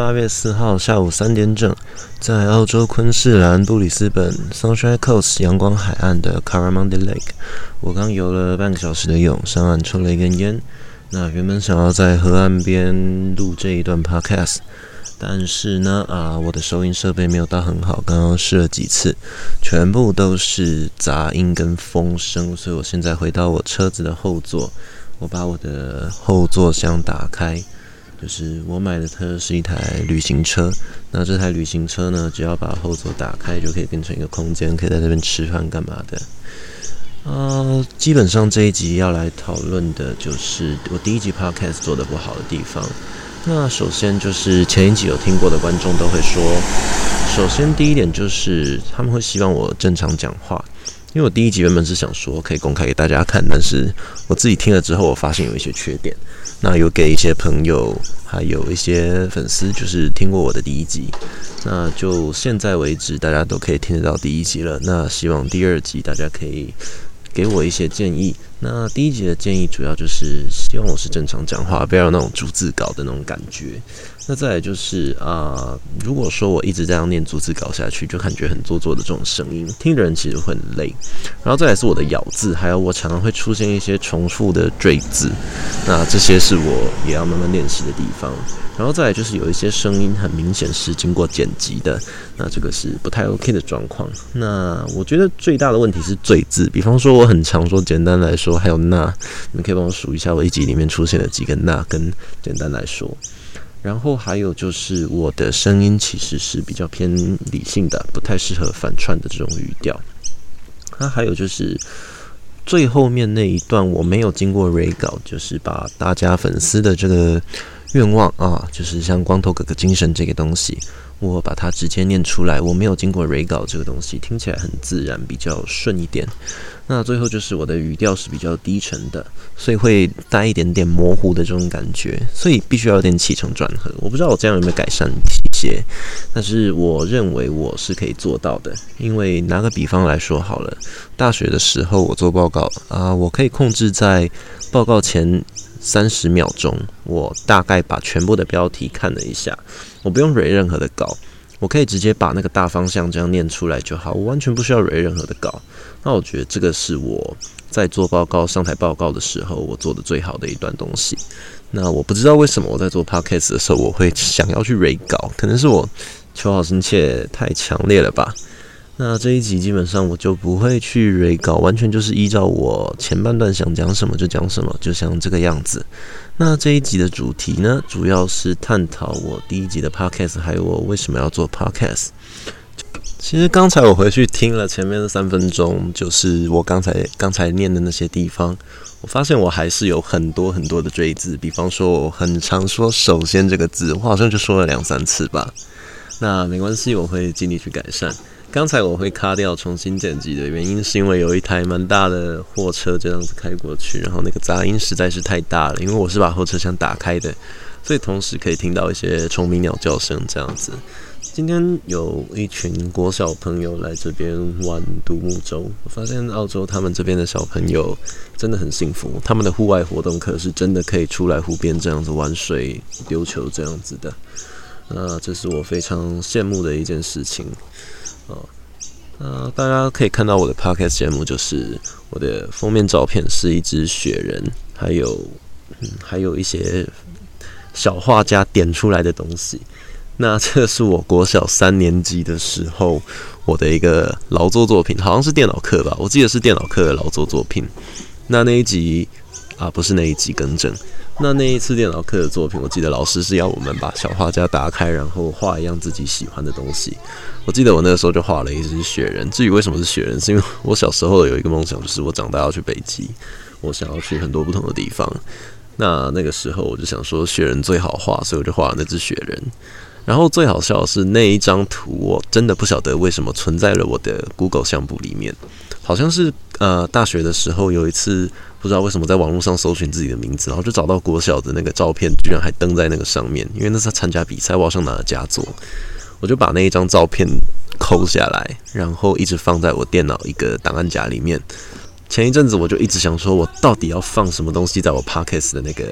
八月四號下午三點整，在澳洲昆士蘭布里斯本 Sunshine Coast 陽光海岸的 Currimundi Lake，我剛游了半個小時的泳，上岸抽了一根菸。那原本想要在河岸邊錄這一段 podcast，但是呢，啊，我的收音設備沒有到很好，剛剛試了幾次，全部都是雜音跟風聲，所以我現在回到我車子的後座，我把我的後座箱打開。就是我買的車是一台旅行車，那這台旅行車呢，只要把後座打開就可以變成一個空間，可以在這邊吃飯幹嘛的。呃，基本上這一集要來討論的就是我第一集 Podcast 做得不好的地方。那首先就是前一集有聽過的觀眾都會說，首先第一點就是他們會希望我正常講話，因為我第一集原本是想說可以公開給大家看，但是我自己聽了之後，我發現有一些缺點。那有給一些朋友，還有一些粉絲，就是聽過我的第一集，那就現在為止，大家都可以聽得到第一集了。那希望第二集大家可以給我一些建議。那第一集的建議主要就是希望我是正常講話，不要有那種逐字稿的那種感覺。那再來就是啊、呃，如果說我一直在這樣念逐字稿下去，就感覺很做作的這種聲音，聽的人其實會很累。然後再來是我的咬字，還有我常常會出現一些重複的贅字。那這些是我也要慢慢練習的地方。然後再來就是有一些聲音很明顯是經過剪輯的，那這個是不太 OK 的狀況。那我覺得最大的問題是贅字，比方說我很常說，簡單來說。還有，那你們可以幫我數一下，我一集裡面出現的幾個那跟簡單來說。然後還有就是我的聲音其實是比較偏理性的，不太適合反串的這種語調。啊，還有就是最後面那一段我沒有經過潤稿，就是把大家粉絲的這個願望啊，就是像光頭哥哥精神這個東西。我把它直接念出來，我沒有經過潤稿這個東西，聽起來很自然，比較順一點。那最後就是我的語調是比較低沉的，所以會帶一點點模糊的這種感覺，所以必須要有點起承轉合。我不知道我這樣有沒有改善一些，但是我認為我是可以做到的。因為拿個比方來說好了，大學的時候我做報告啊、呃，我可以控制在報告前三十秒鐘，我大概把全部的標題看了一下。我不用寫任何的稿，我可以直接把那個大方向這樣念出來就好，我完全不需要寫任何的稿。那我覺得這個是我在做報告、上台報告的時候我做的最好的一段東西。那我不知道為什麼我在做 podcast 的時候，我會想要去寫稿，可能是我求好心切太強烈了吧。那這一集基本上我就不會去 re 稿，完全就是依照我前半段想講什麼就講什麼，就像這個樣子。那這一集的主題呢，主要是探討我第一集的 podcast，還有我為什麼要做 podcast。其實剛才我回去聽了前面的三分鐘，就是我剛才剛才念的那些地方，我發現我還是有很多很多的贅字，比方說我很常說“首先”這個字，我好像就說了兩三次吧。那沒關係，我會盡力去改善。剛才我會卡掉重新剪輯的原因，是因為有一台蠻大的貨車這樣子開過去，然後那個雜音實在是太大了。因為我是把後車廂打開的，所以同時可以聽到一些蟲鳴鳥叫聲這樣子。今天有一群國小朋友來這邊玩獨木舟，我發現澳洲他們這邊的小朋友真的很幸福，他們的戶外活動課是真的可以出來湖邊這樣子玩水、丟球這樣子的。那這是我非常羨慕的一件事情。啊、嗯，大家可以看到我的 podcast 節目，就是我的封面照片是一隻雪人，還有、嗯、還有一些小畫家點出來的東西。那這是我國小三年級的時候，我的一個勞作作品，好像是電腦課吧，我記得是電腦課的勞作作品。那那一集啊，不是，那一集更正。那那一次電腦課的作品，我記得老師是要我們把小畫家打開，然後畫一樣自己喜歡的東西。我記得我那個時候就畫了一隻雪人。至於為什麼是雪人，是因為我小時候有一個夢想，就是我長大要去北極，我想要去很多不同的地方。那那個時候我就想說，雪人最好畫，所以我就畫了那隻雪人。然後最好笑的是，那一張圖我真的不曉得為什麼存在了我的 Google 相簿裡面，好像是呃大學的時候有一次。不知道為什麼在網絡上搜尋自己的名字，然後就找到國小的那個照片，居然還登在那個上面。因為那是他參加比賽，我好像拿了佳作，我就把那一張照片摳下來，然後一直放在我電腦一個檔案夾裡面。前一陣子我就一直想說，我到底要放什麼東西在我 Podcast 的那個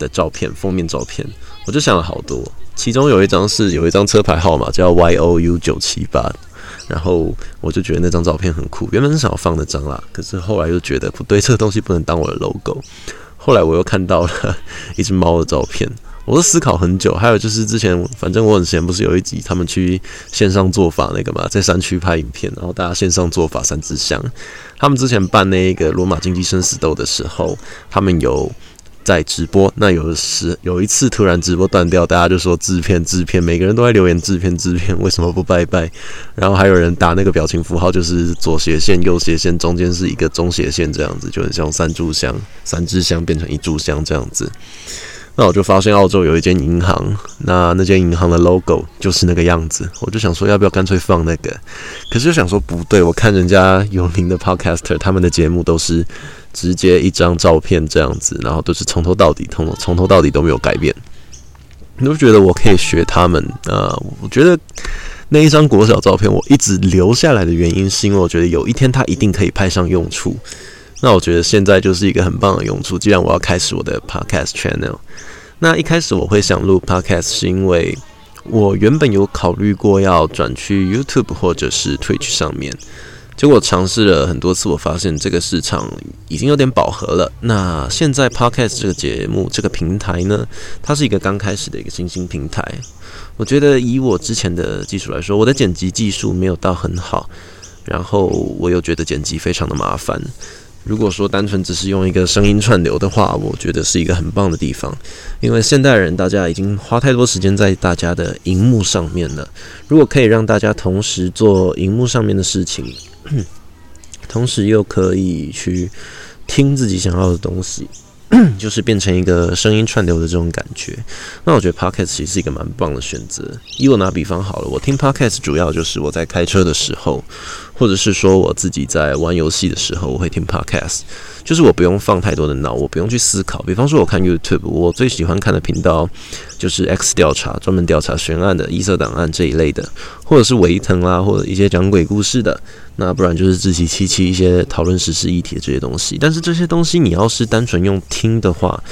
的照片封面照片，我就想了好多。其中有一張是有一張車牌號碼叫 Y O U 九七八。然後我就覺得那張照片很酷，原本是想要放那張啦，可是後來又覺得不對，這個東西不能當我的 logo。後來我又看到了一隻貓的照片，我都思考很久。還有就是之前，反正我很閒，不是有一集他們去線上做法那個嘛，在山區拍影片，然後大家線上做法三炷香。他們之前辦那個羅馬競技生死鬥的時候，他們有。在直播，那有時有一次突然直播斷掉，大家就說製片製片，每個人都在留言製片製片，為什麼不拜拜？然後還有人打那個表情符號，就是左斜線右斜線中間是一個中斜線，這樣子就很像三炷香，三支香變成一炷香這樣子。那我就發現澳洲有一間銀行，那那間銀行的 logo 就是那個樣子，我就想說要不要乾脆放那個，可是就想說不對，我看人家有名的 podcaster 他們的節目都是直接一張照片這樣子，然後都是從頭到底通，從頭到底都沒有改變，你都覺得我可以學他們？啊、呃？我覺得那一張國小照片我一直留下來的原因，是因為我覺得有一天他一定可以派上用處。那我覺得現在就是一個很棒的用處。既然我要開始我的 podcast channel，那一開始我會想錄 podcast，是因為我原本有考慮過要轉去 YouTube 或者是 Twitch 上面，結果嘗試了很多次，我發現這個市場已經有點飽和了。那現在 podcast 這個節目、這個平台呢，它是一個剛開始的一個新興平台。我覺得以我之前的技術來說，我的剪輯技術沒有到很好，然後我又覺得剪輯非常的麻煩。如果說單純只是用一個聲音串流的話，我覺得是一個很棒的地方，因為現代人大家已經花太多時間在大家的熒幕上面了。如果可以讓大家同時做熒幕上面的事情，同時又可以去聽自己想要的東西，就是變成一個聲音串流的這種感覺，那我覺得 podcast 其實是一個蠻棒的選擇。以我拿比方好了，我聽 podcast 主要就是我在開車的時候。或者是說我自己在玩遊戲的時候，我會聽 podcast，就是我不用放太多的腦，我不用去思考。比方說我看 YouTube，我最喜歡看的頻道就是 X 調查，專門調查懸案的異色檔案這一類的，或者是維騰啦，或者一些講鬼故事的，那不然就是志祺七七一些討論時事議題的這些東西。但是這些東西你要是單純用聽的話，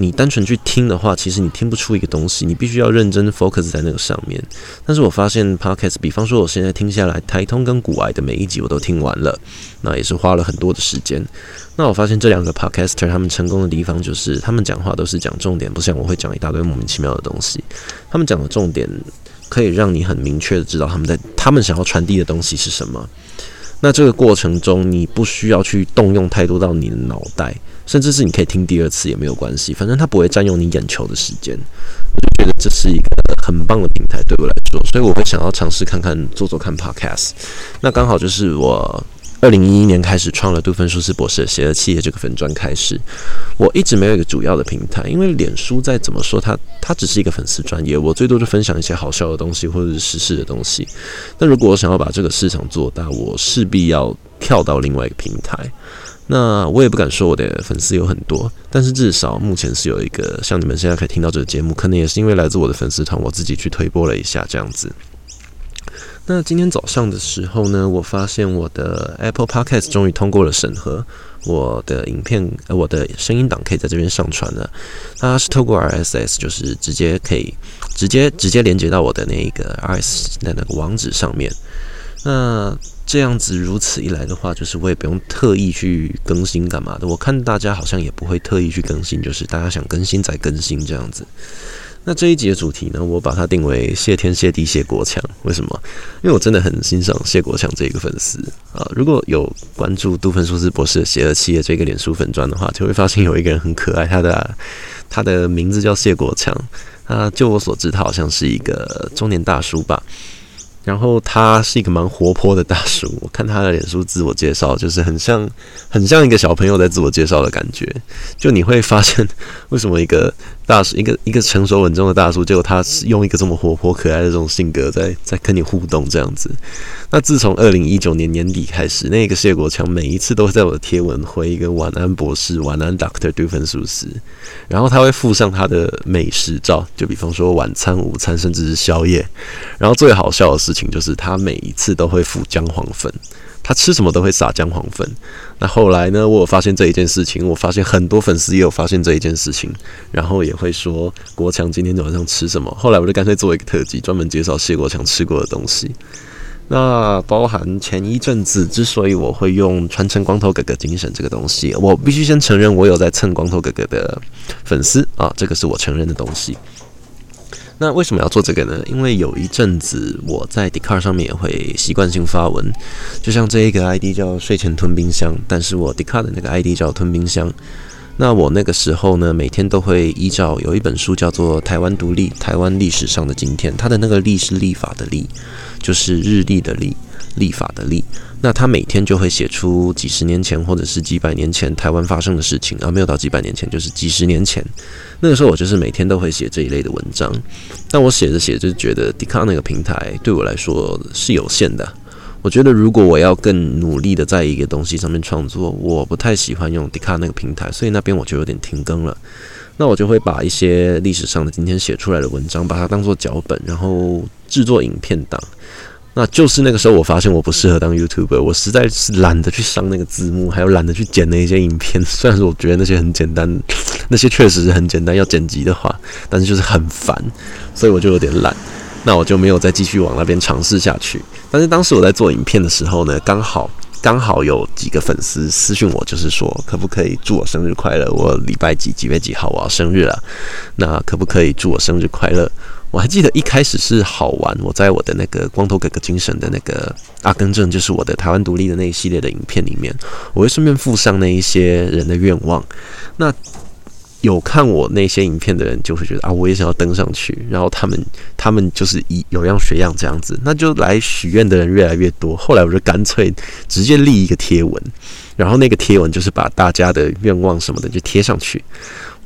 你單純去聽的話，其實你聽不出一個東西，你必須要認真 focus 在那個上面。但是我發現 podcast，比方說我現在聽下來，台通跟股癌的每一集我都聽完了，那也是花了很多的時間。那我發現這兩個 podcaster 他們成功的地方，就是他們講話都是講重點，不像我會講一大堆莫名其妙的東西。他們講的重點可以讓你很明確的知道他們在他們想要傳遞的東西是什麼。那這個過程中，你不需要去動用太多到你的腦袋。甚至是你可以聽第二次也沒有關係，反正它不會占用你眼球的時間。我就覺得這是一個很棒的平台，對我來說，所以我會想要嘗試看看做做看 podcast。那剛好就是我二零一一年開始創了杜芬舒斯博士，的邪惡企業這個粉專開始，我一直沒有一個主要的平台，因為臉書再怎麼說，它它只是一個粉絲專業，我最多就分享一些好笑的東西或者是時事的東西。那如果我想要把這個市場做大，我勢必要跳到另外一個平台。那我也不敢說我的粉絲有很多，但是至少目前是有一個像你們現在可以聽到這個節目，可能也是因為來自我的粉絲團，我自己去推播了一下這樣子。那今天早上的時候呢，我發現我的 Apple Podcast 終於通過了審核，我的影片，呃，我的聲音檔可以在這邊上傳了。它是透過 RSS，就是直接可以直接直接連接到我的那個 RSS 的那個網址上面。那這樣子如此一來的話，就是我也不用特意去更新幹嘛的。我看大家好像也不會特意去更新，就是大家想更新再更新這樣子。那這一集的主題呢，我把它定為“謝天謝地謝國強”。為什麼？因為我真的很欣賞謝國強這一個粉絲啊。如果有關注杜芬舒斯博士邪惡企業這個臉書粉專的話，就會發現有一個人很可愛，他的、啊、他的名字叫謝國強啊。就我所知，他好像是一個中年大叔吧。然後他是一個蠻活潑的大叔，我看他的臉書自我介紹，就是很像很像一個小朋友在自我介紹的感覺。就你會發現，為什麼一個大叔，一個一個成熟穩重的大叔，結果他是用一個這麼活潑可愛的這種性格在在跟你互動這樣子。那自從二零一九年年底開始，那個謝國強每一次都會在我的貼文回一個晚安博士，晚安 Doctor 杜芬舒斯，然後他會附上他的美食照，就比方說晚餐、午餐甚至是宵夜。然後最好笑的是，就是他每一次都會附薑黃粉，他吃什麼都會撒薑黃粉。那後來呢，我有發現這一件事情，我發現很多粉絲也有發現這一件事情，然後也會說國強今天晚上吃什麼。後來我就乾脆做一個特輯，專門介紹謝國強吃過的東西。那包含前一陣子之所以我會用傳承光頭哥哥精神這個東西，我必須先承認我有在蹭光頭哥哥的粉絲啊，這個是我承認的東西。那為什麼要做這個呢？因為有一陣子我在 Dcard 上面也會習慣性發文，就像這一個 ID 叫“睡前吞冰箱”，但是我 Dcard 那個 ID 叫“吞冰箱”。那我那個時候呢，每天都會依照有一本書叫做《台灣獨立：台灣歷史上的今天》，它的那個“歷”是曆法的“歷”，就是日曆的“歷”，曆法的立“歷”。那他每天就會寫出幾十年前或者是幾百年前台灣發生的事情啊，沒有到幾百年前，就是幾十年前。那個時候我就是每天都會寫這一類的文章。但我寫着寫着，就覺得 Dcard 那個平台對我來說是有限的。我覺得如果我要更努力的在一個東西上面創作，我不太喜歡用 Dcard 那個平台，所以那邊我就有點停更了。那我就會把一些歷史上的今天寫出來的文章，把它當做腳本，然後製作影片檔。那就是那個時候，我發現我不適合當 YouTuber，我實在是懶得去上那個字幕，還有懶得去剪那些影片。雖然說我覺得那些很簡單，那些確實是很簡單，要剪輯的話，但是就是很煩，所以我就有點懶，那我就沒有再繼續往那邊嘗試下去。但是當時我在做影片的時候呢，剛好剛好有幾個粉絲私訊我，就是說可不可以祝我生日快樂？我禮拜幾幾月幾號我要生日了，那可不可以祝我生日快樂？我還記得一開始是好玩，我在我的那個《光頭哥哥精神》的那個阿根正，就是我的台灣獨立的那一系列的影片裡面，我會順便附上那一些人的願望。那有看我那些影片的人，就會覺得啊，我也想要登上去。然後他們，他們就是以有樣學樣這樣子，那就來許願的人越來越多。後來我就乾脆直接立一個貼文，然後那個貼文就是把大家的願望什麼的就貼上去。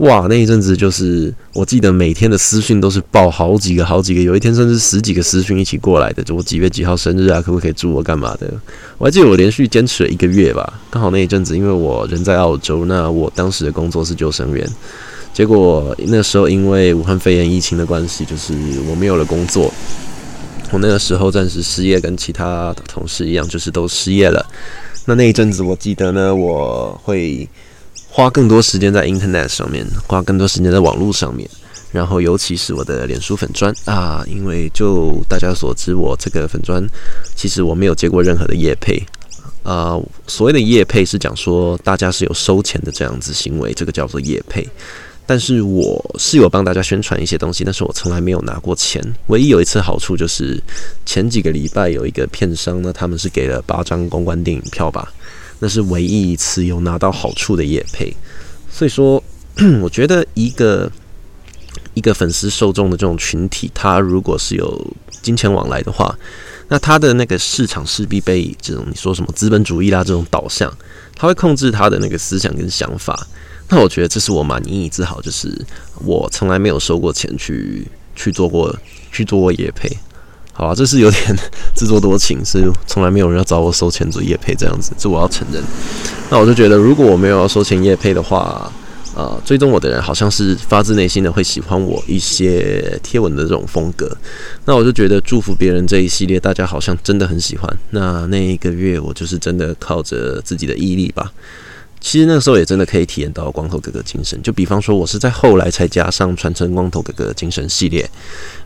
哇，那一陣子就是，我記得每天的私訊都是爆好幾個、好幾個，有一天甚至十幾個私訊一起過來的。就我幾月幾號生日啊，可不可以祝我幹嘛的？我還記得我連續堅持了一個月吧。剛好那一陣子，因為我人在澳洲，那我當時的工作是救生員。結果那時候因為武漢肺炎疫情的關係，就是我沒有了工作。我那個時候暫時失業，跟其他同事一樣，就是都失業了。那那一陣子，我記得呢，我會。花更多時間在 Internet 上面，花更多時間在網絡上面，然後尤其是我的臉書粉專啊，因為就大家所知，我這個粉專其實我沒有接過任何的業配啊。所謂的業配是講說大家是有收錢的這樣子行為，這個叫做業配。但是我是有幫大家宣傳一些東西，但是我從來沒有拿過錢。唯一有一次好處就是前幾個禮拜有一個片商呢，他們是給了八張公關電影票吧。那是唯一一次有拿到好處的業配，所以說， 我覺得一個一個粉絲受眾的這種群體，他如果是有金錢往來的話，那他的那個市場勢必被這種你說什麼資本主義啦這種導向，他會控制他的那個思想跟想法。那我覺得這是我蠻引以自豪，就是我從來沒有收過錢去去做過去做過業配。好吧、啊，這是有點自作多情，是從來沒有人要找我收錢做業配這樣子，這我要承認。那我就覺得，如果我沒有要收錢業配的話，呃，追蹤我的人好像是發自內心的會喜歡我一些貼文的這種風格。那我就覺得，祝福別人這一系列，大家好像真的很喜歡。那那一個月，我就是真的靠着自己的毅力吧。其實那個時候也真的可以體驗到光頭哥哥精神。就比方說，我是在後來才加上傳承光頭哥哥精神系列。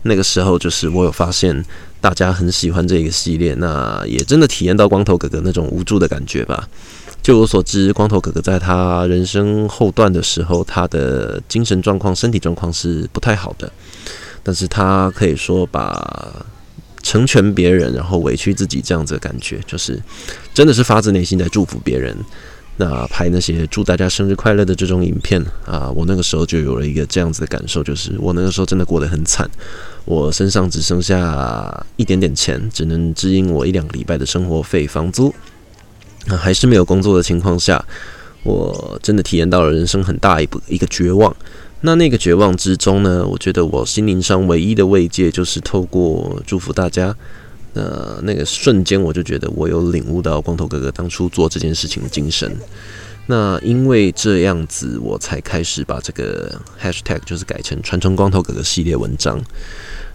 那個時候，就是我有發現大家很喜歡這個系列，那也真的體驗到光頭哥哥那種無助的感覺吧。就我所知，光頭哥哥在他人生後段的時候，他的精神狀況、身體狀況是不太好的。但是他可以說，把成全別人，然後委屈自己這樣子的感覺，就是真的是發自內心在祝福別人。那拍那些祝大家生日快樂的這種影片啊，我那個時候就有了一個這樣子的感受，就是我那個時候真的過得很慘，我身上只剩下一點點錢，只能支應我一兩個禮拜的生活費、房租、啊，還是沒有工作的情況下，我真的體驗到了人生很大一部一個絕望。那那個絕望之中呢，我覺得我心靈上唯一的慰藉就是透過祝福大家。呃，那個瞬間我就覺得我有領悟到光頭哥哥當初做這件事情的精神。那因為這樣子，我才開始把這個 hashtag 就是改成“傳承光頭哥哥”系列文章。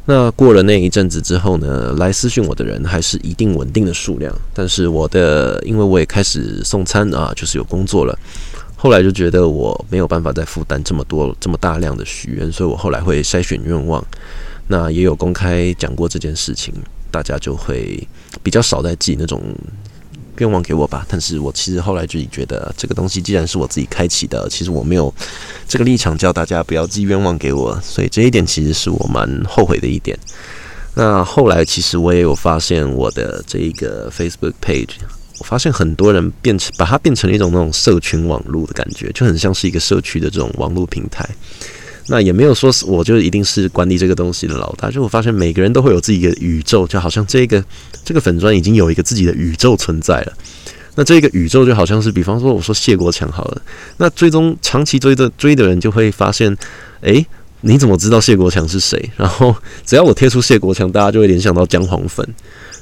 那過了那一陣子之後呢，來私訊我的人還是一定穩定的數量。但是我的，因為我也開始送餐啊，就是有工作了。後來就覺得我沒有辦法再負擔這麼多這麼大量的許願，所以我後來會篩選願望。那也有公開講過這件事情。大家就會比較少在寄那種願望給我吧，但是我其實後來自己覺得，這個東西既然是我自己開啟的，其實我沒有這個立場叫大家不要寄願望給我，所以這一點其實是我蠻後悔的一點。那後來其實我也有發現，我的這一個 Facebook page，我發現很多人變成把它變成了一種那種社群網絡的感覺，就很像是一個社區的這種網絡平台。那也沒有說，我就一定是管理這個東西的老大。就我發現，每個人都會有自己的宇宙，就好像這個這個粉專已經有一個自己的宇宙存在了。那這個宇宙就好像是，比方說，我說謝國強好了，那最終長期追的追的人就會發現，誒、欸，你怎麼知道謝國強是誰？然後只要我貼出謝國強，大家就會聯想到薑黃粉。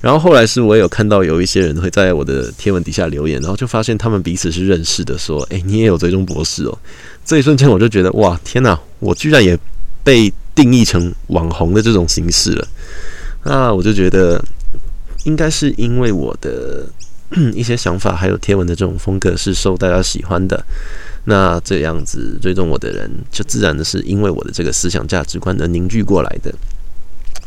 然後後來是我也有看到有一些人會在我的貼文底下留言，然後就發現他們彼此是認識的，說：“哎、欸，你也有追蹤博士哦。”這一瞬間我就覺得，哇，天哪，我居然也被定義成網紅的這種形式了。那我就覺得，應該是因為我的一些想法還有貼文的這種風格是受大家喜歡的，那這樣子追蹤我的人就自然的是因為我的這個思想價值觀能凝聚過來的。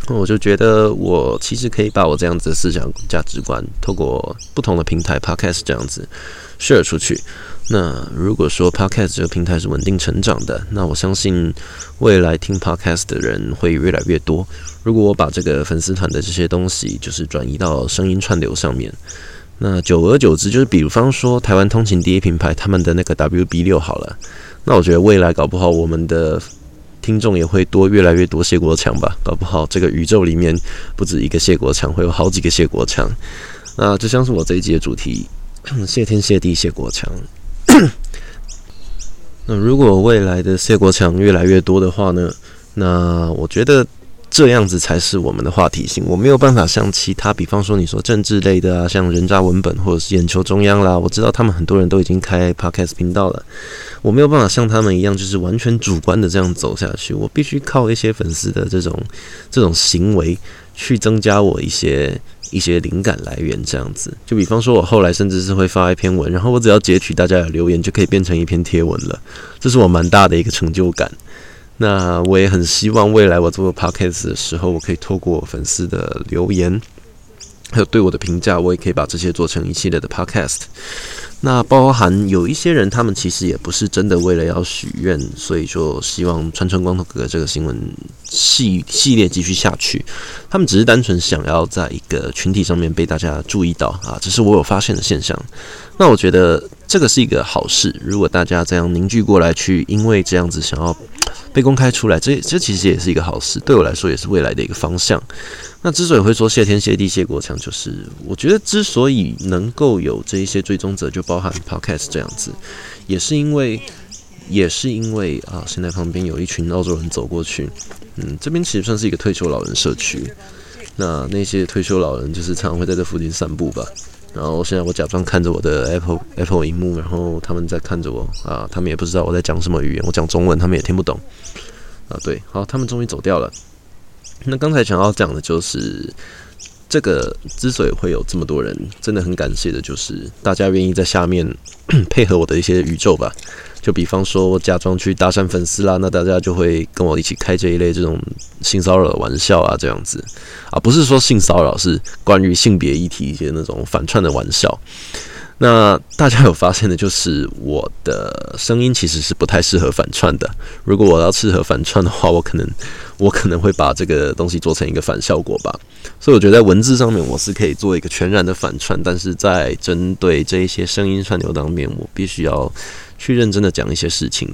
我就覺得，我其實可以把我這樣子的思想價值觀，透過不同的平台 Podcast 這樣子 share 出去。那如果說 Podcast 這個平台是穩定成長的，那我相信未來聽 Podcast 的人會越來越多。如果我把這個粉絲團的這些東西，就是轉移到聲音串流上面，那久而久之，就是比方說台灣通勤第一品牌他們的那個 WB 六好了，那我覺得未來搞不好我們的。聽眾也會多越來越多謝國強吧，搞不好這個宇宙裡面不止一個謝國強，會有好幾個謝國強。那就像是我這一集的主題，謝 天謝地謝國強。那如果未來的謝國強越來越多的話呢？那我覺得。這樣子才是我們的話題性，我沒有辦法像其他，比方說你說政治類的啊，像人渣文本或者是眼球中央啦，我知道他們很多人都已經開 Podcast 頻道了，我沒有辦法像他們一樣，就是完全主觀的這樣走下去，我必須靠一些粉絲的這種這種行為去增加我一些一些靈感來源。這樣子，就比方說，我後來甚至是會發一篇文，然後我只要截取大家的留言，就可以變成一篇貼文了，這是我蠻大的一個成就感。那我也很希望未來我做的 podcast 的時候，我可以透過粉絲的留言，還有對我的評價，我也可以把這些做成一系列的 podcast。那包含有一些人，他們其實也不是真的為了要許願，所以說希望川川光頭哥這個新聞系系列繼續下去。他們只是單純想要在一個群體上面被大家注意到啊，這是我有發現的現象。那我覺得這個是一個好事，如果大家這樣凝聚過來，去因為這樣子想要。被公開出來，這這其實也是一個好事，對我來說也是未來的一個方向。那之所以會說謝天謝地謝國強，就是我覺得之所以能夠有這一些追蹤者，就包含 Podcast 這樣子，也是因為也是因為啊，現在旁邊有一群澳洲人走過去，嗯，這邊其實算是一個退休老人社區，那，那些退休老人就是常常會在這附近散步吧。然後現在我假裝看着我的 Apple Apple 螢幕，然後他們在看着我啊，他們也不知道我在講什麼語言，我講中文他們也聽不懂啊。對，好，他們終於走掉了。那剛才想要講的就是這個之所以會有這麼多人，真的很感謝的就是大家願意在下面 配合我的一些宇宙吧。就比方說，我假裝去搭訕粉絲啦，那大家就會跟我一起開這一類這種性騷擾的玩笑啊，這樣子啊，不是說性騷擾，是關於性別議題一些那種反串的玩笑。那大家有發現的，就是我的聲音其實是不太適合反串的。如果我要適合反串的話，我可能我可能會把這個東西做成一個反效果吧。所以我覺得在文字上面我是可以做一個全然的反串，但是在針對這一些聲音串流當面，我必須要。去認真的講一些事情，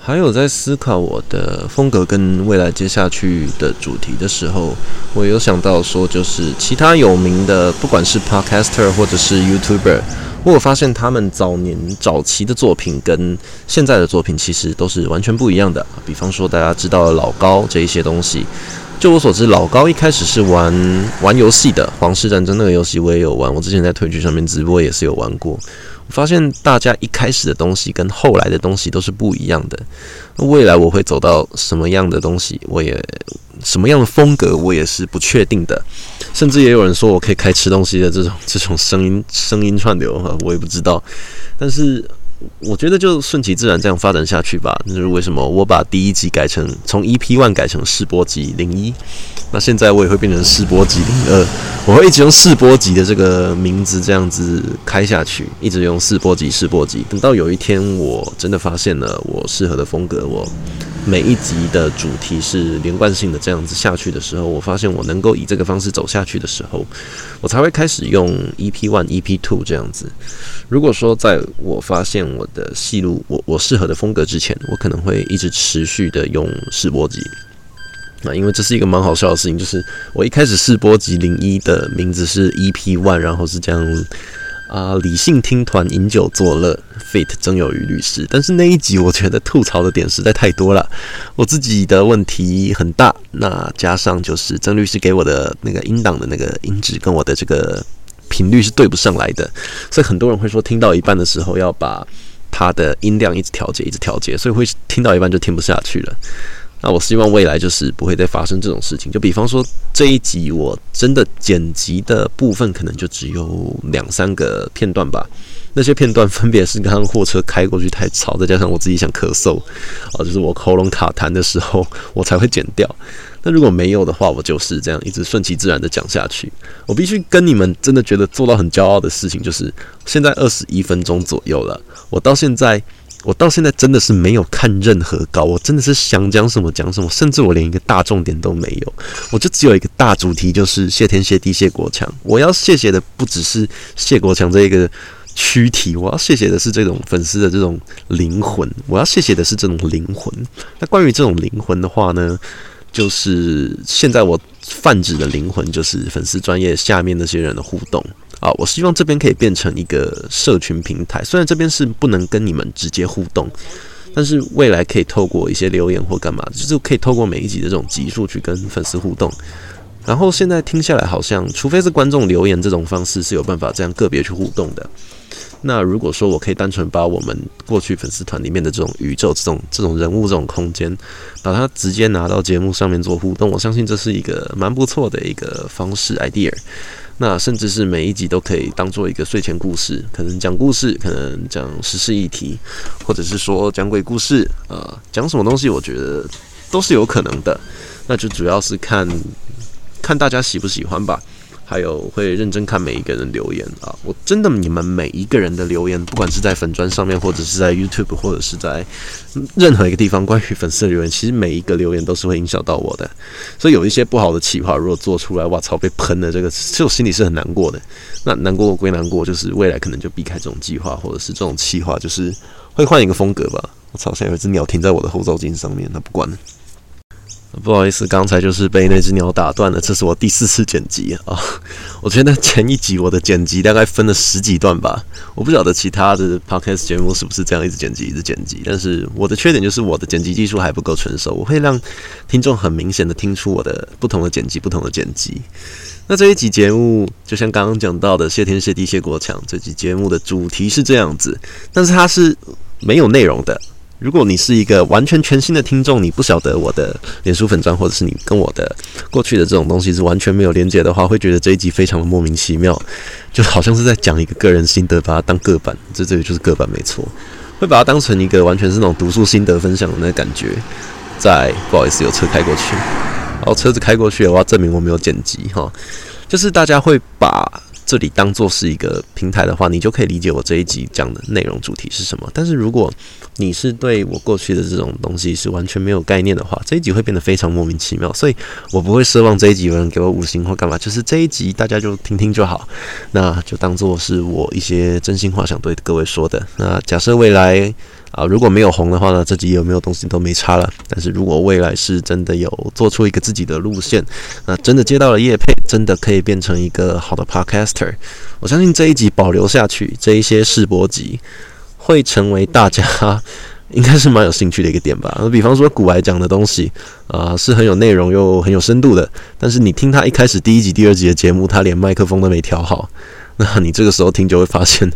還有在思考我的風格跟未來接下去的主題的時候，我有想到說，就是其他有名的，不管是 podcaster 或者是 YouTuber，我發現他們早年早期的作品跟現在的作品其實都是完全不一樣的。比方說大家知道了老高這一些東西，據我所知，老高一開始是玩玩遊戲的，《皇室戰爭》那個遊戲我也有玩，我之前在 Twitch 上面直播也是有玩過。發現大家一開始的東西跟後來的東西都是不一樣的。未來我會走到什麼樣的東西，我也什麼樣的風格，我也是不確定的。甚至也有人說我可以開吃東西的這種這種聲音，聲音串流哈，我也不知道。但是。我覺得就順其自然這樣發展下去吧。那就是為什麼？我把第一集改成從 EP One 改成試播集零一，那現在我也會變成試播集零二，我會一直用試播集的這個名字這樣子開下去，一直用試播集、試播集。等到有一天我真的發現了我適合的風格，我。每一集的主題是連貫性的，這樣子下去的時候，我發現我能夠以這個方式走下去的時候，我才會開始用 EP one、EP two 這樣子。如果說在我發現我的戲路、我我適合的風格之前，我可能會一直持續的用試播集。那因為這是一個蠻好笑的事情，就是我一開始試播集零一的名字是 EP one，然後是這樣。啊、呃！理性聽團飲酒作樂 feat. 曾有余律師。但是那一集我覺得吐槽的點實在太多了，我自己的問題很大。那加上就是曾律師給我的那個音檔的那個音質跟我的這個頻率是對不上來的，所以很多人會說聽到一半的時候要把它的音量一直調節，一直調節，所以會聽到一半就聽不下去了。那我希望未來就是不會再發生這種事情。就比方說，這一集，我真的剪輯的部分可能就只有兩三個片段吧。那些片段分別是剛剛貨車開過去太吵，再加上我自己想咳嗽，啊，就是我喉嚨卡痰的時候，我才會剪掉。那如果沒有的話，我就是這樣一直順其自然的講下去。我必須跟你們真的覺得做到很驕傲的事情，就是現在二十一分鐘左右了，我到現在。我到現在真的是沒有看任何稿，我真的是想講什麼講什麼，甚至我連一個大重點都沒有，我就只有一個大主題，就是謝天謝地謝國強。我要謝謝的不只是謝國強這一個軀體，我要謝謝的是這種粉絲的這種靈魂，我要謝謝的是這種靈魂。那關於這種靈魂的話呢，就是現在我泛指的靈魂，就是粉絲專頁下面那些人的互動。啊，我希望這邊可以變成一個社群平台。雖然這邊是不能跟你們直接互動，但是未來可以透過一些留言或幹嘛，就是可以透過每一集的這種集數去跟粉絲互動。然後現在聽下來，好像除非是觀眾留言這種方式是有辦法這樣個別去互動的。那如果說我可以單純把我們過去粉絲團裡面的這種宇宙、這種、這種人物、這種空間，把它直接拿到節目上面做互動，我相信這是一個蠻不錯的一個方式 idea。那甚至是每一集都可以當做一個睡前故事，可能講故事，可能講時事議題，或者是說講鬼故事，呃，講什麼東西，我覺得都是有可能的。那就主要是看看大家喜不喜歡吧。還有會認真看每一個人留言啊！我真的，你們每一個人的留言，不管是在粉專上面，或者是在 YouTube，或者是在任何一個地方，關於粉絲的留言，其實每一個留言都是會影響到我的。所以有一些不好的企劃如果做出來，哇操，被噴了，這個其實我心裡是很難過的。那難過歸難過，就是未來可能就避開這種計劃，或者是這種企劃，就是會換一個風格吧。我操，現在有一隻鳥停在我的後照鏡上面，那不管了。不好意思，剛才就是被那只鳥打斷了。這是我第四次剪輯啊、哦！我覺得前一集我的剪輯大概分了十幾段吧。我不曉得其他的 podcast 節目是不是這樣一直剪輯一直剪輯，但是我的缺點就是我的剪輯技術還不夠成熟，我會讓聽眾很明顯的聽出我的不同的剪輯，不同的剪輯。那這一集節目就像剛剛講到的，謝天謝地謝國強，這集節目的主題是這樣子，但是它是沒有內容的。如果你是一個完全全新的聽眾，你不曉得我的臉書粉專，或者是你跟我的過去的這種東西是完全沒有連接的話，會覺得這一集非常的莫名其妙，就好像是在講一個個人心得，把它當個版，這這裡就是個版沒錯，會把它當成一個完全是那種讀書心得分享的那個感覺。在不好意思，有車開過去，然後車子開過去的話，證明我沒有剪輯哈，就是大家會把。這裡當做是一個平台的話，你就可以理解我這一集講的內容主題是什麼。但是如果你是對我過去的這種東西是完全沒有概念的話，這一集會變得非常莫名其妙。所以我不會奢望這一集有人給我五星或幹嘛，就是這一集大家就聽聽就好，那就當做是我一些真心話想對各位說的。那假設未來。啊，如果沒有紅的話呢，這集有沒有東西都沒差了。但是如果未來是真的有做出一個自己的路線，那真的接到了業配，真的可以變成一個好的 podcaster。我相信這一集保留下去，這一些試播集會成為大家應該是蠻有興趣的一個點吧。比方說股癌講的東西啊、呃，是很有內容又很有深度的。但是你聽他一開始第一集、第二集的節目，他連麥克風都沒調好。那你這個時候聽就會發現，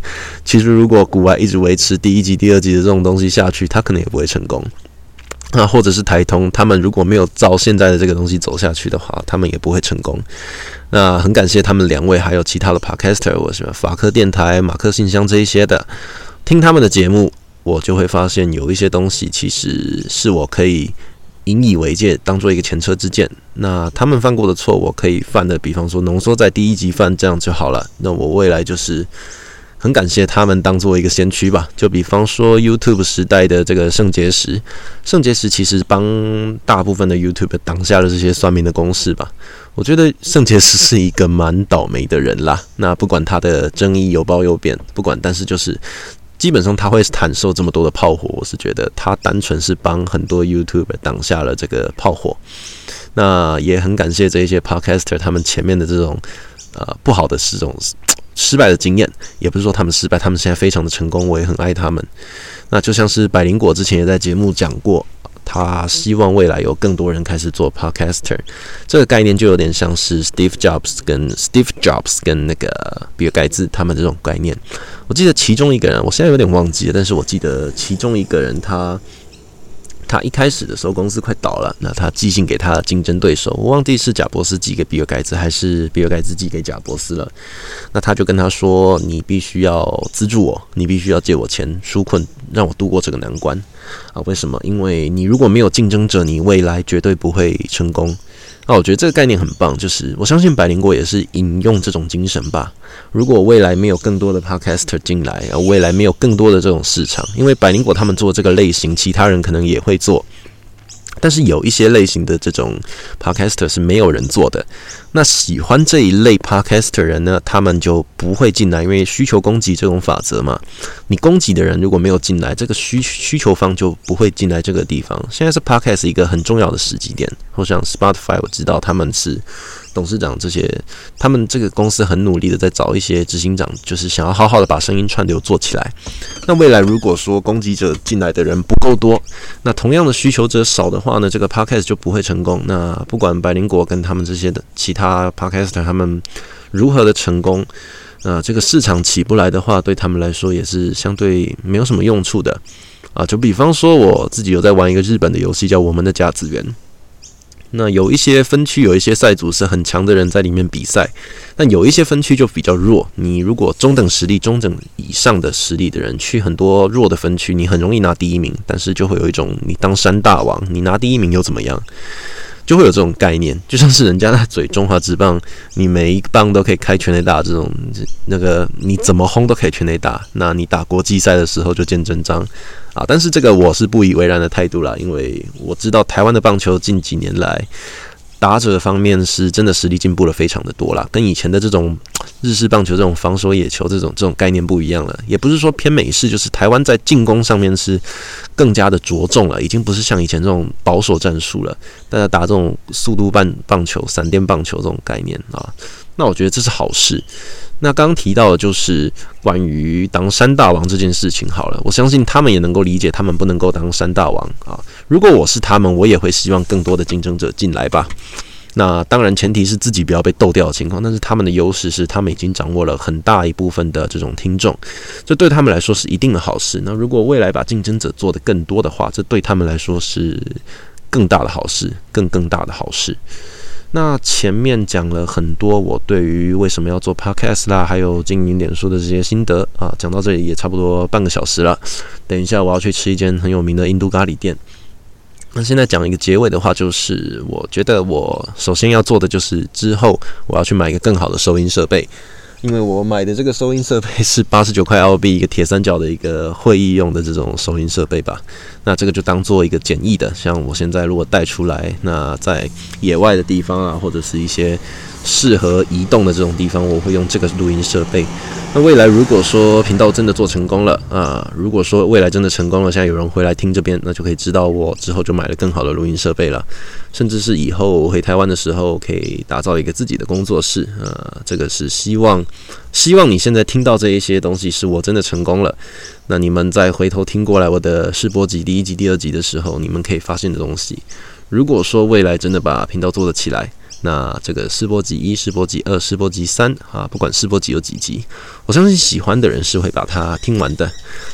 其實如果股癌一直維持第一集、第二集的這種東西下去，他可能也不會成功。那或者是台通他們如果沒有照現在的這個東西走下去的話，他們也不會成功。那很感謝他們兩位，還有其他的 Podcaster，什麼法科電台、馬克信箱這一些的，聽他們的節目，我就會發現有一些東西其實是我可以。引以為戒，當做一個前車之鑑。那他們犯過的錯，我可以犯的，比方說濃縮在第一集犯這樣就好了。那我未來就是很感謝他們當做一個先驅吧。就比方說 YouTube 時代的這個聖結石，聖結石其實幫大部分的 YouTuber 擋下了這些酸民的攻勢吧。我覺得聖結石是一個蠻倒霉的人啦。那不管他的爭議有褒有貶，不管，但是就是。基本上他會坦受這麼多的炮火，我是覺得他單純是幫很多 YouTuber 擋下了這個炮火。那也很感謝這一些 Podcaster 他們前面的這種呃不好的這種失敗的經驗，也不是說他們失敗，他們現在非常的成功，我也很愛他們。那就像是百靈果之前也在節目講過。他希望未來有更多人開始做 Podcaster，這個概念就有點像是 Steve Jobs 跟 Steve Jobs 跟那個比爾蓋茨他們這種概念。我記得其中一個人，我現在有點忘記了，但是我記得其中一個人他。他一開始的時候公司快倒了，那他寄信給他的競爭對手，我忘記是賈伯斯寄給比爾蓋茨還是比爾蓋茨寄給賈伯斯了。那他就跟他說：“你必須要資助我，你必須要借我錢紓困，讓我度過這個難關。”啊，為什麼？因為你如果沒有競爭者，你未來絕對不會成功。那我覺得這個概念很棒，就是我相信百靈果也是引用這種精神吧。如果未來沒有更多的 Podcaster 進來，啊，未來沒有更多的這種市場，因為百靈果他們做這個類型，其他人可能也會做。但是有一些類型的這種 podcaster 是沒有人做的，那喜歡這一類 podcaster 人呢，他們就不會進來，因為需求供給這種法則嘛。你供給的人如果沒有進來，這個需需求方就不會進來這個地方。現在是 podcaster 一個很重要的時機點，我想 Spotify 我知道他們是。董事長這些，他們這個公司很努力的在找一些執行長，就是想要好好的把聲音串流做起來。那未來如果說供給者進來的人不夠多，那同樣的需求者少的話呢，這個 podcast 就不會成功。那不管百靈果跟他們這些的其他 podcaster 他們如何的成功，那、呃、這個市場起不來的話，對他們來說也是相對沒有什麼用處的。啊，就比方說我自己有在玩一個日本的遊戲叫《我們的甲子園》。那有一些分區，有一些賽組是很強的人在裡面比賽，但有一些分區就比較弱。你如果中等實力、中等以上的實力的人去很多弱的分區，你很容易拿第一名，但是就會有一種你當山大王，你拿第一名又怎麼樣？就會有這種概念，就像是人家那嘴中華職棒，你每一棒都可以開全壘打這種，那個你怎麼轟都可以全壘打。那你打國際賽的時候就見真章。啊，但是這個我是不以為然的態度啦，因為我知道台灣的棒球近幾年來，打者方面是真的實力進步了非常的多啦，跟以前的這種日式棒球這種防守野球這種這種概念不一樣了，也不是說偏美式，就是台灣在進攻上面是更加的着重了，已經不是像以前這種保守戰術了，大家打這種速度棒棒球、閃電棒球這種概念啊，那我覺得這是好事。那剛提到的就是關於當山大王這件事情好了，我相信他們也能夠理解，他們不能夠當山大王啊。如果我是他們，我也會希望更多的競爭者進來吧。那當然前提是自己不要被鬥掉的情況，但是他們的優勢是他們已經掌握了很大一部分的這種聽眾，這對他們來說是一定的好事。那如果未來把競爭者做得更多的話，這對他們來說是更大的好事，更更大的好事。那前面講了很多我對於為什麼要做 podcast 啦，還有經營臉書的這些心得啊，講到這裡也差不多半個小時了。等一下我要去吃一間很有名的印度咖喱店。那現在講一個結尾的話，就是我覺得我首先要做的就是之後我要去買一個更好的收音設備，因為我買的這個收音設備是八十九塊澳幣一個鐵三角的一個會議用的這種收音設備吧。那這個就當做一個簡易的，像我現在如果帶出來，那在野外的地方啊，或者是一些適合移動的這種地方，我會用這個錄音設備。那未來如果說頻道真的做成功了啊，呃，如果說未來真的成功了，現在有人回來聽這邊，那就可以知道我之後就買了更好的錄音設備了，甚至是以後回台灣的時候可以打造一個自己的工作室。呃，這個是希望。希望你現在聽到這一些東西，是我真的成功了。那你們再回頭聽過來我的試播集第一集、第二集的時候，你們可以發現的東西。如果說未來真的把頻道做得起來，那這個試播集一、試播集二、試播集三啊，不管試播集有幾集，我相信喜歡的人是會把它聽完的。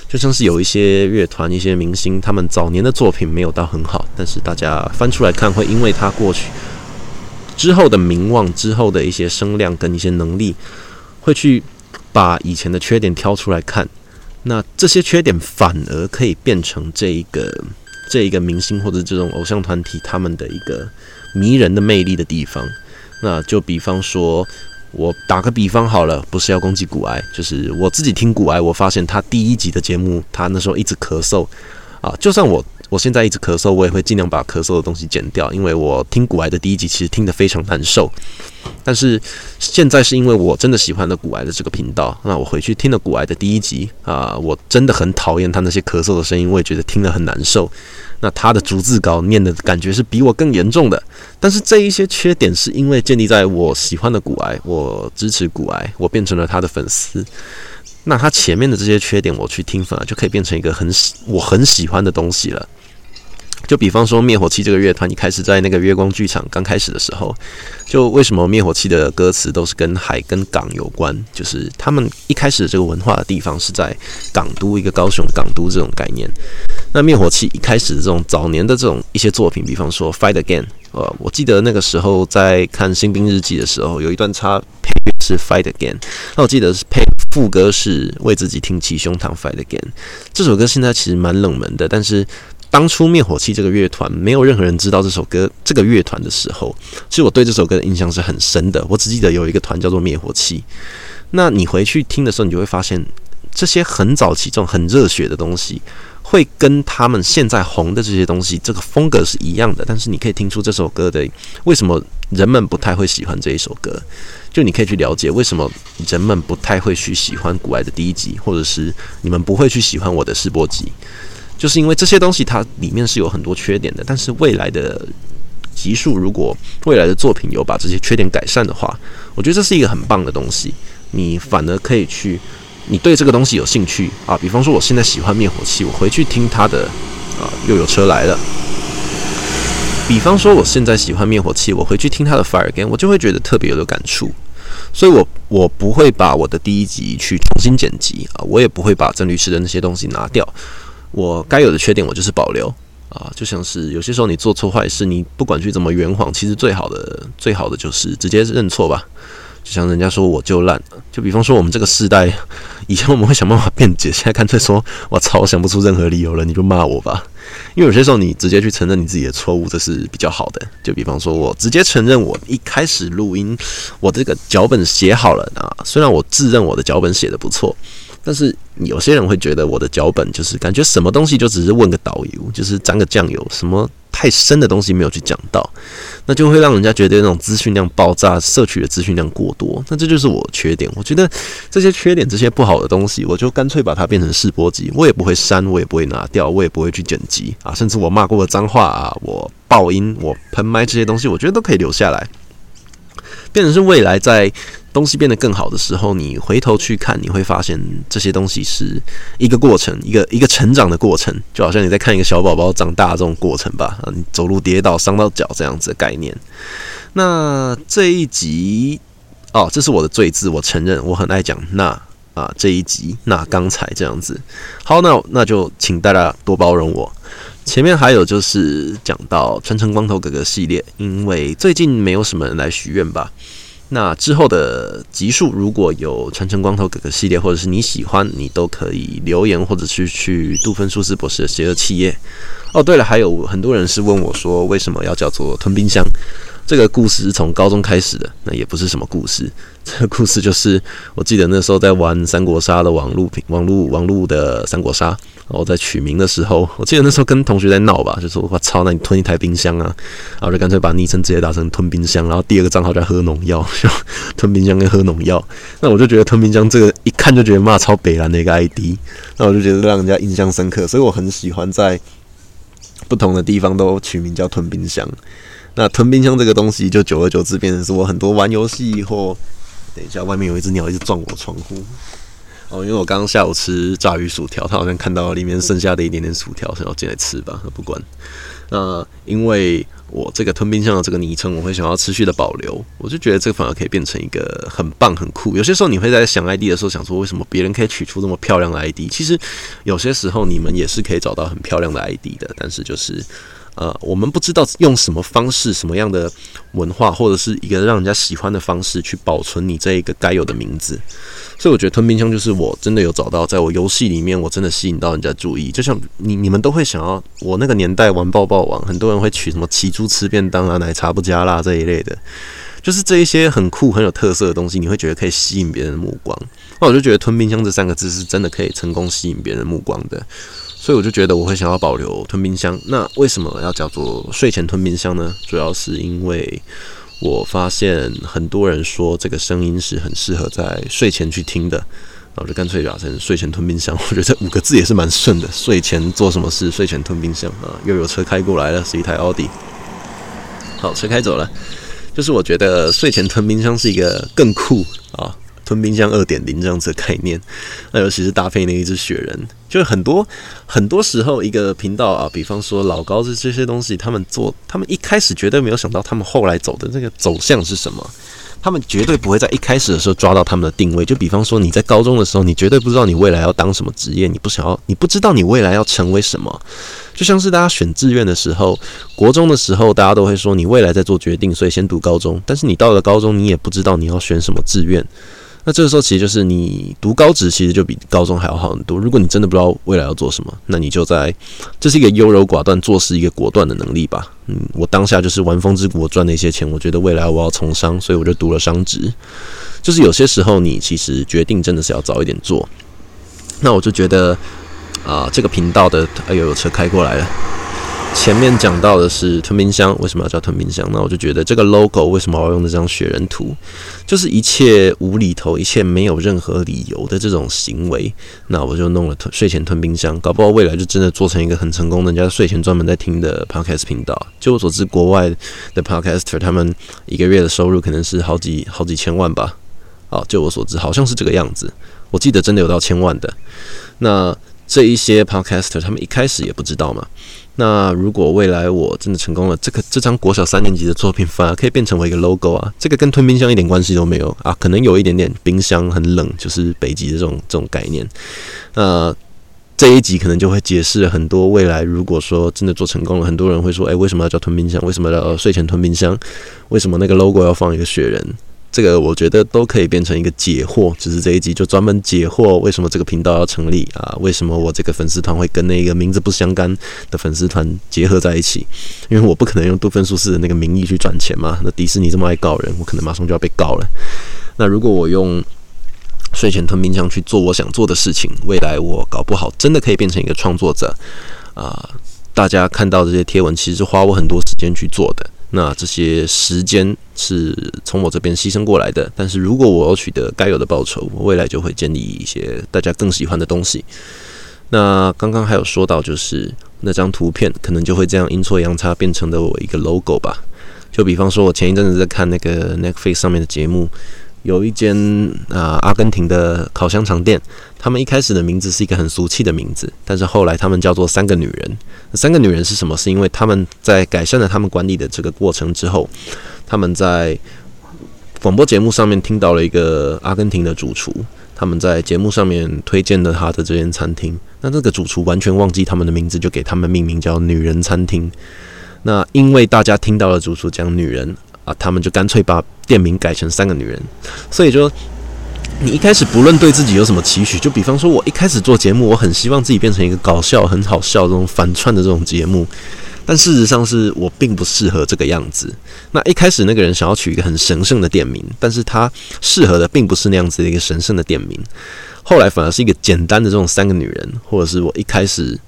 就像是有一些樂團、一些明星，他們早年的作品沒有到很好，但是大家翻出來看，會因為他過去之後的名望、之後的一些聲量跟一些能力，會去把以前的缺點挑出來看，那這些缺點反而可以變成這一個這一個明星或者這種偶像團體他們的一個迷人的魅力的地方。那就比方說，我打個比方好了，不是要攻擊股癌，就是我自己聽股癌，我發現他第一集的節目，他那時候一直咳嗽啊，就算我。我現在一直咳嗽，我也會盡量把咳嗽的東西剪掉，因為我聽股癌的第一集其實聽得非常難受。但是現在是因為我真的喜歡了股癌的這個頻道，那我回去聽了股癌的第一集啊，我真的很討厭他那些咳嗽的聲音，我也覺得聽得很難受。那他的逐字稿念的感覺是比我更嚴重的，但是這一些缺點是因為建立在我喜歡的股癌，我支持股癌，我變成了他的粉絲。那他前面的這些缺點，我去聽反而就可以變成一個很我很喜歡的東西了。就比方說，滅火器這個樂團，一開始在那個月光劇場剛開始的時候，就為什麼滅火器的歌詞都是跟海、跟港有關？就是他們一開始這個文化的地方是在港都，一個高雄港都這種概念。那滅火器一開始的這種早年的這種一些作品，比方說《Fight Again》。呃，我記得那個時候在看《新兵日記》的時候，有一段插配樂是《Fight Again》。那我記得是配副歌是“為自己挺起胸膛，Fight Again”。這首歌現在其實蠻冷門的，但是。當初滅火器這個樂團沒有任何人知道這首歌、這個樂團的時候，其實我對這首歌的印象是很深的。我只記得有一個團叫做滅火器。那你回去聽的時候，你就會發現這些很早期、這種很熱血的東西，會跟他們現在紅的這些東西這個風格是一樣的。但是你可以聽出這首歌的為什麼人們不太會喜歡這一首歌，就你可以去了解為什麼人們不太會去喜歡古愛的第一集，或者是你們不會去喜歡我的試播集。就是因為這些東西，它裡面是有很多缺點的。但是未來的集數，如果未來的作品有把這些缺點改善的話，我覺得這是一個很棒的東西。你反而可以去，你對這個東西有興趣啊。比方說，我現在喜歡滅火器，我回去聽它的啊，又有車來了。比方說，我現在喜歡滅火器，我回去聽它的《Fire Again》，我就會覺得特別有的感觸。所以我我不會把我的第一集去重新剪輯啊，我也不會把鄭律師的那些東西拿掉。我該有的缺點，我就是保留啊！就像是有些時候你做錯壞事，你不管去怎麼圓謊，其實最好的、最好的就是直接認錯吧。就像人家說我就爛，就比方說我們這個世代，以前我們會想辦法辯解，現在乾脆說：我操，我想不出任何理由了，你就罵我吧。因為有些時候你直接去承認你自己的錯誤，這是比較好的。就比方說我直接承認我一開始錄音，我這個腳本寫好了啊，雖然我自認我的腳本寫得不錯。但是有些人會覺得我的腳本就是感覺什麼東西就只是問個導遊，就是沾個醬油，什麼太深的東西沒有去講到，那就會讓人家覺得那種資訊量爆炸，攝取的資訊量過多。那這就是我的缺點。我覺得這些缺點，這些不好的東西，我就乾脆把它變成試播集，我也不會刪，我也不會拿掉，我也不會去剪輯啊。甚至我罵過的髒話啊，我爆音，我噴麥這些東西，我覺得都可以留下來，變成是未來在。東西變得更好的時候，你回頭去看，你會發現這些東西是一個過程，一個一個成長的過程，就好像你在看一個小寶寶長大這種過程吧。啊，你走路跌倒，傷到腳這樣子的概念。那這一集哦，這是我的罪字，我承認我很愛講。那啊，這一集，那剛才這樣子，好，那那就請大家多包容我。前面還有就是講到傳承光頭哥哥系列，因為最近沒有什麼人來許願吧。那之後的集數，如果有傳承光頭哥哥系列，或者是你喜歡，你都可以留言，或者是去杜芬舒斯博士的邪惡企業。哦，對了，還有很多人是問我說，為什麼要叫做吞冰箱？這個故事是從高中開始的，那也不是什麼故事。這個故事就是，我記得那時候在玩三國殺的網路網路網路的三國殺，然後在取名的時候，我記得那時候跟同學在鬧吧，就說，是“我操，那你吞一台冰箱啊！”然後就乾脆把昵稱直接打成“吞冰箱”，然後第二個賬號在“喝農藥”，就“吞冰箱”跟“喝農藥”。那我就覺得“吞冰箱”這個一看就覺得罵超北藍的一個 ID，那我就覺得讓人家印象深刻，所以我很喜歡在不同的地方都取名叫“吞冰箱”。那吞冰箱這個東西，就久而久之變成是我很多玩遊戲或等一下外面有一隻鳥一直撞我的窗戶哦，因為我剛剛下午吃炸魚薯條，它好像看到裡面剩下的一點點薯條，想要進來吃吧。那不管，那因為我這個吞冰箱的這個昵稱，我會想要持續的保留。我就覺得這個反而可以變成一個很棒很酷。有些時候你會在想 ID 的時候想說，為什麼別人可以取出這麼漂亮的 ID？其實有些時候你們也是可以找到很漂亮的 ID 的，但是就是。呃，我們不知道用什麼方式、什麼樣的文化，或者是一個讓人家喜歡的方式去保存你這一個該有的名字，所以我覺得“吞冰箱”就是我真的有找到，在我遊戲裡面，我真的吸引到人家注意。就像你、你們都會想要，我那個年代玩《爆爆王》，很多人會取什麼“騎豬吃便當”啊、“奶茶不加辣”這一類的，就是這一些很酷、很有特色的東西，你會覺得可以吸引別人的目光。那我就覺得“吞冰箱”這三個字是真的可以成功吸引別人目光的。所以我就覺得我會想要保留吞冰箱。那為什麼要叫做睡前吞冰箱呢？主要是因為我發現很多人說這個聲音是很適合在睡前去聽的，然後就乾脆改成睡前吞冰箱。我覺得五個字也是蠻順的。睡前做什麼事？睡前吞冰箱啊！又有車開過來了，是一台奧迪。好，車開走了。就是我覺得睡前吞冰箱是一個更酷啊。吞冰箱二點零這樣子的概念，那尤其是搭配那一隻雪人，就是很多很多時候一個頻道啊，比方說老高是這些東西，他們做他們一開始絕對沒有想到，他們後來走的那個走向是什麼，他們絕對不會在一開始的時候抓到他們的定位。就比方說你在高中的時候，你絕對不知道你未來要當什麼職業，你不想要，你不知道你未來要成為什麼。就像是大家選志願的時候，國中的時候大家都會說你未來在做決定，所以先讀高中。但是你到了高中，你也不知道你要選什麼志願。那這個時候其實就是你讀高職，其實就比高中還要好很多。如果你真的不知道未來要做什麼，那你就在這是一個優柔寡斷做事一個果斷的能力吧。嗯，我當下就是玩風之谷，我賺了一些錢，我覺得未來我要從商，所以我就讀了商職。就是有些時候你其實決定真的是要早一點做。那我就覺得啊，這個頻道的哎呦，有車開過來了。前面講到的是吞冰箱，為什麼要叫吞冰箱？那我就覺得這個 logo 為什麼要用這張雪人圖？就是一切無厘頭，一切沒有任何理由的這種行為。那我就弄了睡前吞冰箱，搞不好未來就真的做成一個很成功的，人家睡前專門在聽的 podcast 頻道。據我所知，國外的 podcaster 他們一個月的收入可能是好幾好幾千萬吧？好，據我所知好像是這個樣子，我記得真的有到千萬的。那這一些 podcaster 他們一開始也不知道嘛？那如果未來我真的成功了，這個這張國小三年級的作品反而啊，可以變成為一個 logo 啊，這個跟吞冰箱一點關係都沒有啊，可能有一點點冰箱很冷，就是北極的這種這種概念。那這一集可能就會解釋很多未來，如果說真的做成功了，很多人會說，哎，為什麼要叫吞冰箱？為什麼要睡前吞冰箱？為什麼那個 logo 要放一個雪人？這個我覺得都可以變成一個解惑，只、就是這一集就專門解惑，為什麼這個頻道要成立啊？為什麼我這個粉絲團會跟那個名字不相干的粉絲團結合在一起？因為我不可能用杜芬舒斯的那個名義去賺錢嘛。那迪士尼這麼愛告人，我可能馬上就要被告了。那如果我用睡前吞冰箱去做我想做的事情，未來我搞不好真的可以變成一個創作者啊。大家看到這些貼文，其實是花我很多時間去做的。那這些時間是從我這邊犧牲過來的。但是如果我有取得該有的報酬，我未來就會建立一些大家更喜歡的東西。那剛剛還有說到，就是那張圖片可能就會這樣陰錯陽差變成了我一個 logo 吧。就比方說，我前一陣子在看那個 Netflix 上面的節目。有一間啊、呃，阿根廷的烤香腸店，他們一開始的名字是一個很俗氣的名字，但是後來他們叫做三個女人。三個女人是什麼？是因為他們在改善了他們管理的這個過程之後，他們在廣播節目上面聽到了一個阿根廷的主廚，他們在節目上面推薦了他的這間餐廳。那這個主廚完全忘記他們的名字，就給他們命名叫女人餐廳。那因為大家聽到了主廚講女人啊、呃，他們就乾脆把。店名改成三個女人。所以就你一開始不論對自己有什麼期許，就比方說，我一開始做節目，我很希望自己變成一個搞笑、很好笑、這種反串的這種節目，但事實上是我並不適合這個樣子。那一開始那個人想要取一個很神聖的店名，但是他適合的並不是那樣子的一個神聖的店名，後來反而是一個簡單的這種三個女人，或者是我一開始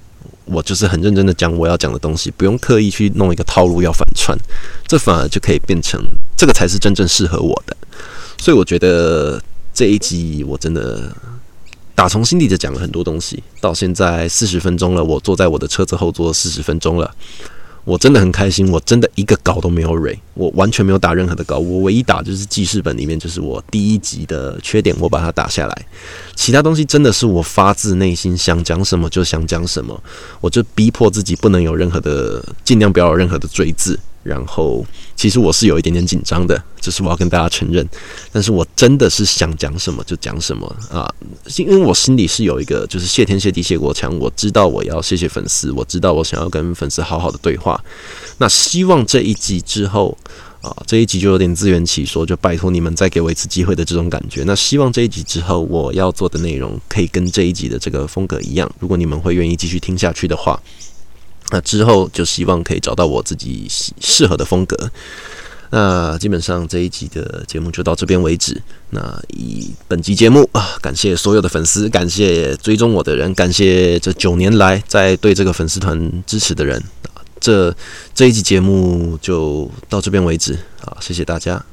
我就是很認真的講我要講的東西，不用刻意去弄一個套路要反串，這反而就可以變成。這個才是真正適合我的，所以我覺得這一集我真的打從心底就講了很多東西。到現在四十分鐘了，我坐在我的車子後座四十分鐘了，我真的很開心，我真的一個稿都沒有蕊，我完全沒有打任何的稿，我唯一打就是記事本裡面就是我第一集的缺點，我把它打下來。其他東西真的是我發自內心想講什麼就想講什麼，我就逼迫自己不能有任何的，盡量不要有任何的贅字。然後，其實我是有一點點緊張的，就是我要跟大家承認。但是我真的是想講什麼就講什麼啊，因為我心裡是有一個，就是謝天謝地謝國強，我知道我要謝謝粉絲，我知道我想要跟粉絲好好的對話。那希望這一集之後啊，這一集就有點自圓其說，就拜托你們再給我一次機會的這種感覺。那希望這一集之後我要做的內容可以跟這一集的這個風格一樣，如果你們會願意繼續聽下去的話。那之後就希望可以找到我自己適適合的風格。那基本上這一集的節目就到這邊為止。那以本集節目啊，感謝所有的粉絲，感謝追蹤我的人，感謝這九年來在對這個粉絲團支持的人。啊，這這一集節目就到這邊為止。好，謝謝大家。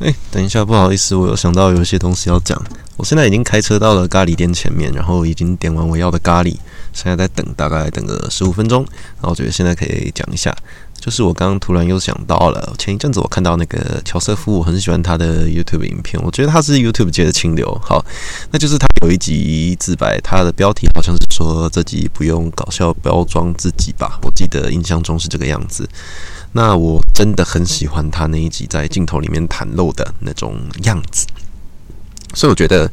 哎，欸，等一下，不好意思，我有想到有一些東西要講。我現在已經開車到了咖喱店前面，然後已經點完我要的咖喱。現在在等，大概等個十五分鐘。然後我覺得現在可以講一下，就是我剛剛突然又想到了，前一陣子我看到那個喬瑟夫，我很喜歡他的 YouTube 影片，我覺得他是 YouTube 界的清流。好，那就是他有一集自白，他的標題好像是說這集不用搞笑，不要裝自己吧。我記得印象中是這個樣子。那我真的很喜歡他那一集在鏡頭裡面袒露的那種樣子，所以我覺得。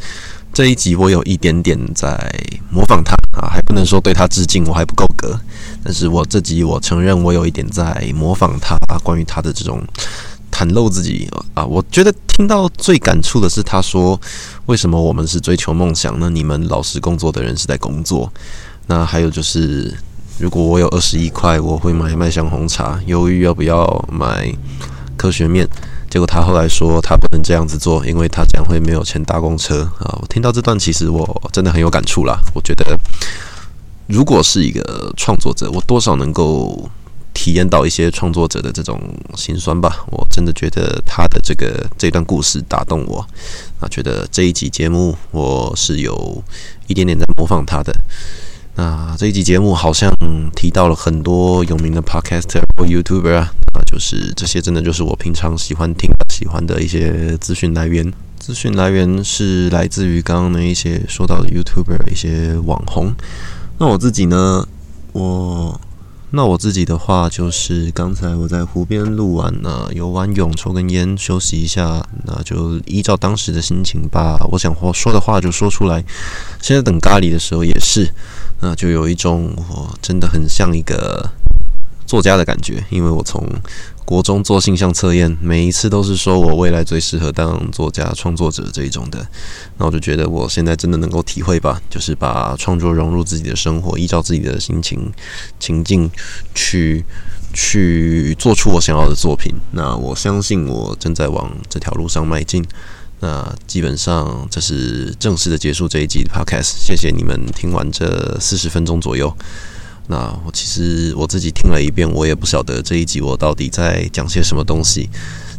這一集我有一點點在模仿他啊，還不能說對他致敬，我還不夠格。但是我這集我承認我有一點在模仿他，啊，關於他的這種袒露自己啊，我覺得聽到最感觸的是他說為什麼我們是追求夢想呢？那你們老實工作的人是在工作。那還有就是，如果我有二十一塊，我會買麥香紅茶，猶豫要不要買科學麵。結果他後來說他不能這樣子做，因為他將會沒有錢搭公車啊！我聽到這段，其實我真的很有感觸啦。我覺得如果是一個創作者，我多少能夠體驗到一些創作者的這種心酸吧。我真的覺得他的這個這段故事打動我，啊，覺得這一集節目我是有一點點在模仿他的。那這一集節目好像提到了很多有名的 podcaster 或 youtuber 啊，就是這些真的就是我平常喜歡聽、喜歡的一些資訊來源。資訊來源是來自於剛剛的一些說到的 youtuber、一些網紅。那我自己呢，我那我自己的話就是，剛才我在湖邊錄完了游完泳，玩抽根菸休息一下，那就依照當時的心情吧。我想說的話就說出來。現在等咖喱的時候也是。那就有一種我真的很像一個作家的感覺，因為我從國中做性向測驗，每一次都是說我未來最適合當作家、創作者這一種的。那我就覺得我現在真的能夠體會吧，就是把創作融入自己的生活，依照自己的心情情境去去做出我想要的作品。那我相信我正在往這條路上邁進。那基本上，這是正式的結束這一集的 podcast。謝謝你們聽完這四十分鐘左右。那我其實我自己聽了一遍，我也不曉得這一集我到底在講些什麼東西。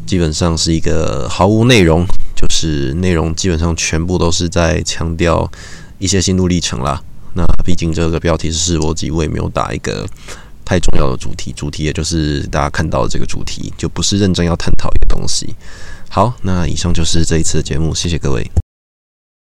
基本上是一個毫無內容，就是內容基本上全部都是在強調一些心路歷程啦。那畢竟這個標題是試播集，我也沒有打一個太重要的主題。主題也就是大家看到的這個主題，就不是認真要探討一個東西。好，那以上就是這一次的節目，謝謝各位。